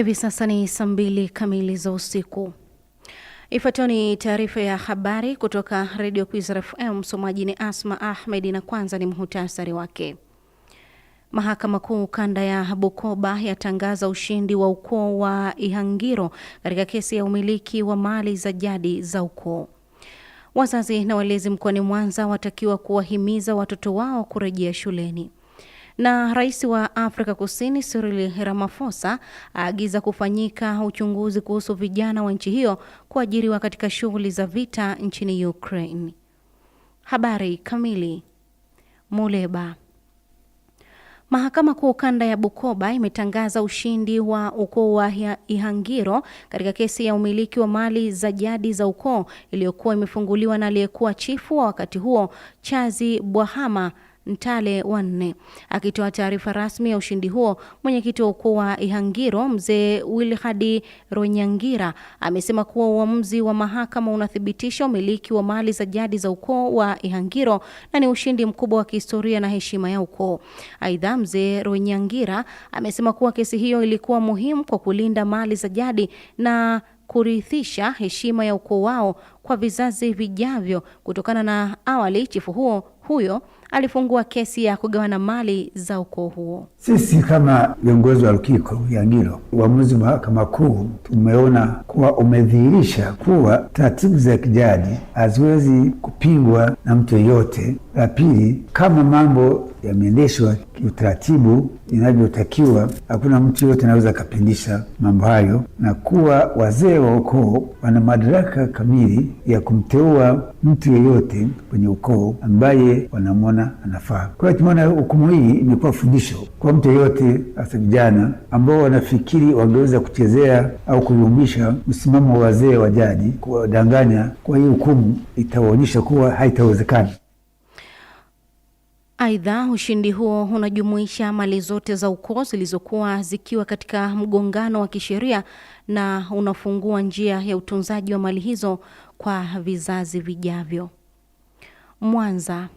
Hivi sasa ni saa mbili kamili za usiku. Ifuatayo ni taarifa ya habari kutoka redio Kwizera FM. Msomaji ni Asma Ahmed na kwanza ni mhutasari wake. Mahakama Kuu kanda ya Bukoba yatangaza ushindi wa ukoo wa Ihangiro katika kesi ya umiliki wa mali za jadi za ukoo. Wazazi na walezi mkoani Mwanza watakiwa kuwahimiza watoto wao kurejea shuleni. Na rais wa Afrika Kusini Cyril Ramaphosa aagiza kufanyika uchunguzi kuhusu vijana wa nchi hiyo kuajiriwa katika shughuli za vita nchini Ukraine. Habari kamili. Muleba. Mahakama Kuu Kanda ya Bukoba imetangaza ushindi wa ukoo wa Ihangiro katika kesi ya umiliki wa mali za jadi za ukoo iliyokuwa imefunguliwa na aliyekuwa chifu wa wakati huo Chazi Bwahama Ntale wanne. Akitoa taarifa rasmi ya ushindi huo, mwenyekiti wa ukoo wa Ihangiro mzee Wilhadi Ronyangira amesema kuwa uamuzi wa mahakama unathibitisha umiliki wa mali za jadi za ukoo wa Ihangiro na ni ushindi mkubwa wa kihistoria na heshima ya ukoo. Aidha, mzee Ronyangira amesema kuwa kesi hiyo ilikuwa muhimu kwa kulinda mali za jadi na kurithisha heshima ya ukoo wao kwa vizazi vijavyo. Kutokana na awali, chifu huo huyo alifungua kesi ya kugawana mali za ukoo huo. Sisi kama viongozi wa Lukiko ya Ngilo, uamuzi wa mahakama kuu tumeona kuwa umedhihirisha kuwa taratibu za kijadi haziwezi kupingwa na mtu yeyote la pili, kama mambo yameendeshwa kiutaratibu inavyotakiwa, hakuna mtu yoyote anaweza akapindisha mambo hayo, na kuwa wazee wa ukoo wana madaraka kamili ya kumteua mtu yeyote kwenye ukoo ambaye wanamwona anafaa. Kwa hiyo tumeona hukumu hii imekuwa fundisho kwa mtu yeyote, hasa vijana ambao wanafikiri wangeweza kuchezea au kuyumbisha msimamo wa wazee wa jadi, kuwadanganya. Kwa hii hukumu itawaonyesha kuwa haitawezekana. Aidha, ushindi huo unajumuisha mali zote za ukoo zilizokuwa zikiwa katika mgongano wa kisheria na unafungua njia ya utunzaji wa mali hizo kwa vizazi vijavyo. Mwanza.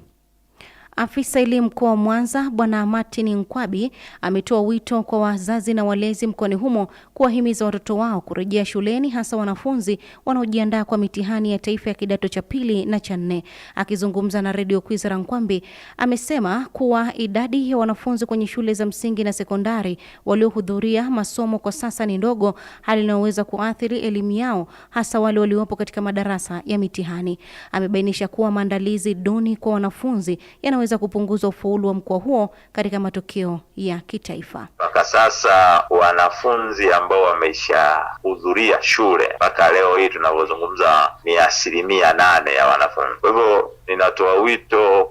Afisa elimu mkoa wa Mwanza Bwana Martin Nkwabi ametoa wito kwa wazazi na walezi mkoani humo kuwahimiza watoto wao kurejea shuleni hasa wanafunzi wanaojiandaa kwa mitihani ya taifa ya kidato cha pili na cha nne. Akizungumza na redio Kwizera, Nkwambi amesema kuwa idadi ya wanafunzi kwenye shule za msingi na sekondari waliohudhuria masomo kwa sasa ni ndogo, hali inayoweza kuathiri elimu yao hasa wale waliopo katika madarasa ya mitihani. Amebainisha kuwa maandalizi duni kwa wanafunzi yana unaweza kupunguza ufaulu wa mkoa huo katika matokeo ya kitaifa. Mpaka sasa wanafunzi ambao wameshahudhuria shule mpaka leo hii tunavyozungumza ni asilimia nane ya wanafunzi. Kwa hivyo ninatoa wito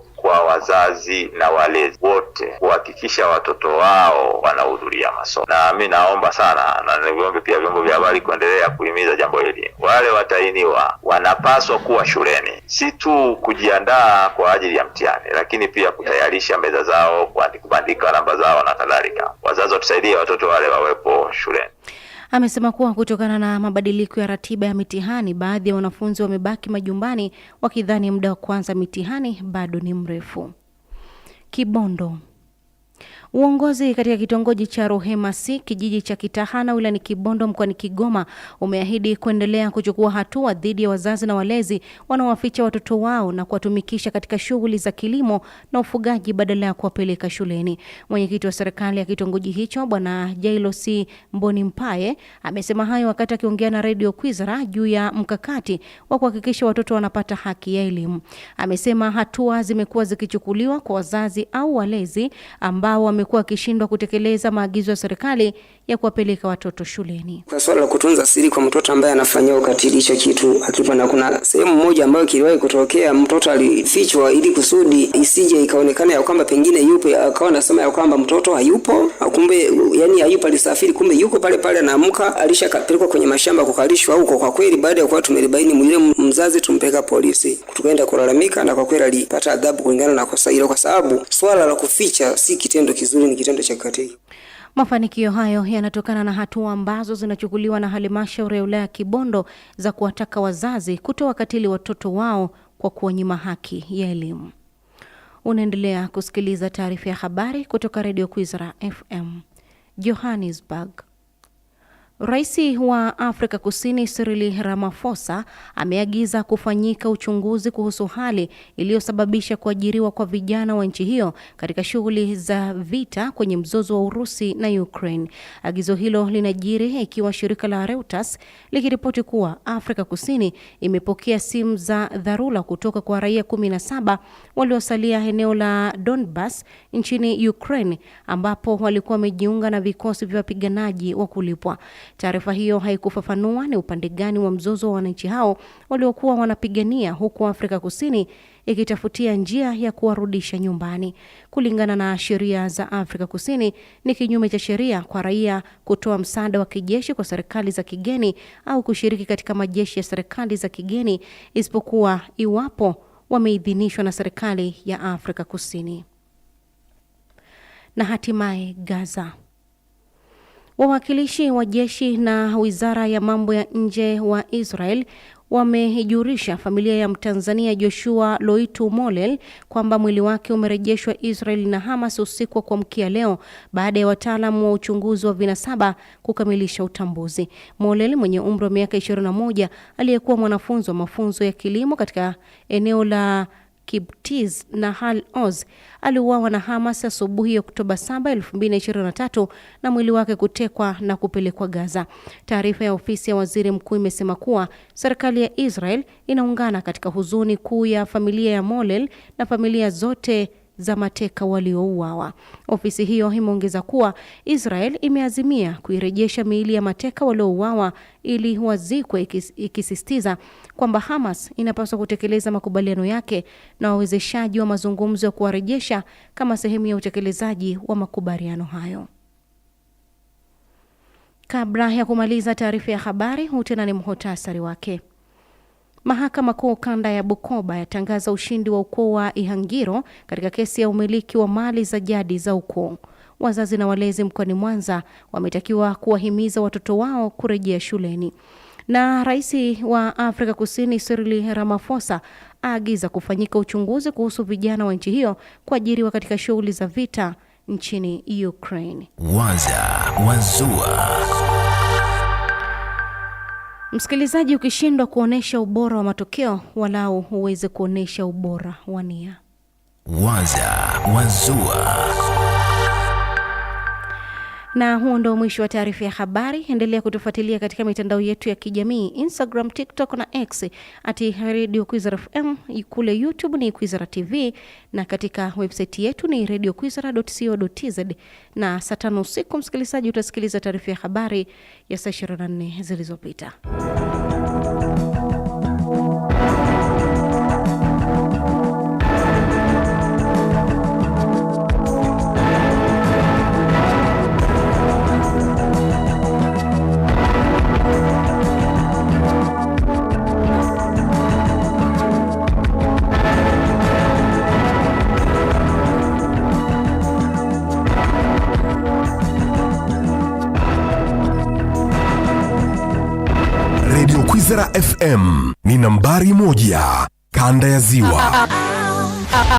wazazi na walezi wote kuhakikisha watoto wao wanahudhuria masomo, na mi naomba sana na niviombe pia vyombo vya habari kuendelea kuhimiza jambo hili. Wale watainiwa wanapaswa kuwa shuleni, si tu kujiandaa kwa ajili ya mtihani, lakini pia kutayarisha meza zao, kubandika namba zao na kadhalika. Wazazi watusaidie, watoto wale wawepo shuleni. Amesema kuwa kutokana na mabadiliko ya ratiba ya mitihani, baadhi ya wanafunzi wamebaki majumbani wakidhani muda wa kuanza mitihani bado ni mrefu. Kibondo Uongozi katika kitongoji cha Ruhema C kijiji cha Kitahana wilayani Kibondo mkoani Kigoma umeahidi kuendelea kuchukua hatua dhidi ya wazazi na walezi wanaowaficha watoto wao na kuwatumikisha katika shughuli za kilimo na ufugaji badala ya kuwapeleka shuleni. Mwenyekiti wa serikali ya kitongoji hicho Bwana Jailosi Mboni Mpae amesema hayo wakati akiongea na Radio Kwizera juu ya mkakati wa kuhakikisha watoto wanapata haki ya elimu. Amesema hatua zimekuwa zikichukuliwa kwa wazazi au walezi ambao wame wamekuwa akishindwa kutekeleza maagizo ya serikali ya kuwapeleka watoto shuleni. Kwa swala la kutunza siri kwa mtoto ambaye anafanyia ukatili, hicho kitu akipa, na kuna sehemu moja ambayo kiliwahi kutokea, mtoto alifichwa ili kusudi isije ikaonekana ya kwamba pengine yupo, akawa anasema ya kwamba mtoto hayupo, kumbe yani hayupo, alisafiri, kumbe yuko pale pale, anaamka alishapelekwa kwenye mashamba kukalishwa huko. Kwa kweli, baada ya kuwa tumelibaini mwile mzazi, tumpeleka polisi, tukaenda kulalamika, na kwa kweli alipata adhabu kulingana na kosa hilo, kwa sababu swala la kuficha si kitendo kizuri, ni kitendo cha kikatili. Mafanikio hayo yanatokana na hatua ambazo zinachukuliwa na halmashauri ya wilaya Kibondo za kuwataka wazazi kutowakatili watoto wao kwa kuwanyima haki ya elimu. Unaendelea kusikiliza taarifa ya habari kutoka redio Kwizera FM Johannesburg. Rais wa Afrika Kusini Cyril Ramaphosa ameagiza kufanyika uchunguzi kuhusu hali iliyosababisha kuajiriwa kwa vijana wa nchi hiyo katika shughuli za vita kwenye mzozo wa Urusi na Ukraine. Agizo hilo linajiri ikiwa shirika la Reuters likiripoti kuwa Afrika Kusini imepokea simu za dharura kutoka kwa raia 17 waliosalia eneo la Donbas nchini Ukraine ambapo walikuwa wamejiunga na vikosi vya wapiganaji wa kulipwa. Taarifa hiyo haikufafanua ni upande gani wa mzozo wa wananchi hao waliokuwa wanapigania, huku Afrika Kusini ikitafutia njia ya kuwarudisha nyumbani. Kulingana na sheria za Afrika Kusini, ni kinyume cha sheria kwa raia kutoa msaada wa kijeshi kwa serikali za kigeni au kushiriki katika majeshi ya serikali za kigeni, isipokuwa iwapo wameidhinishwa na serikali ya Afrika Kusini. Na hatimaye Gaza. Wawakilishi wa jeshi na wizara ya mambo ya nje wa Israel wamejurisha familia ya Mtanzania Joshua Loitu Molel kwamba mwili wake umerejeshwa Israel na Hamas usiku wa kuamkia leo baada ya wataalamu wa uchunguzi wa vinasaba kukamilisha utambuzi. Molel mwenye umri wa miaka 21 aliyekuwa mwanafunzi wa mafunzo ya kilimo katika eneo la Kiptiz hal Oz aliuawa na Hamas asubuhi ya Oktoba 7, 2023 na mwili wake kutekwa na kupelekwa Gaza. Taarifa ya ofisi ya waziri mkuu imesema kuwa serikali ya Israel inaungana katika huzuni kuu ya familia ya Molel na familia zote za mateka waliouawa. Ofisi hiyo imeongeza kuwa Israel imeazimia kuirejesha miili ya mateka waliouawa ili wazikwe, ikisistiza ikisisitiza kwamba Hamas inapaswa kutekeleza makubaliano yake na wawezeshaji wa mazungumzo ya kuwarejesha kama sehemu ya utekelezaji wa makubaliano hayo. Kabla ya kumaliza taarifa ya habari, huu tena ni muhtasari wake. Mahakama Kuu Kanda ya Bukoba yatangaza ushindi wa ukoo wa Ihangiro katika kesi ya umiliki wa mali za jadi za ukoo. Wazazi na walezi mkoani Mwanza wametakiwa kuwahimiza watoto wao kurejea shuleni. Na Rais wa Afrika Kusini Cyril Ramaphosa aagiza kufanyika uchunguzi kuhusu vijana wa nchi hiyo kuajiriwa katika shughuli za vita nchini Ukraine. Waza Wazua. Msikilizaji, ukishindwa kuonyesha ubora wa matokeo, walau uweze kuonyesha ubora wa nia. Waza Wazua. Na huo ndio mwisho wa taarifa ya habari. Endelea kutufuatilia katika mitandao yetu ya kijamii Instagram, TikTok na X at Radio Kwizera FM, kule YouTube ni Kwizera TV na katika website yetu ni radiokwizera.co.tz. Na saa tano usiku, msikilizaji, utasikiliza taarifa ya habari ya saa 24 zilizopita. Kisera FM ni nambari moja kanda ya Ziwa.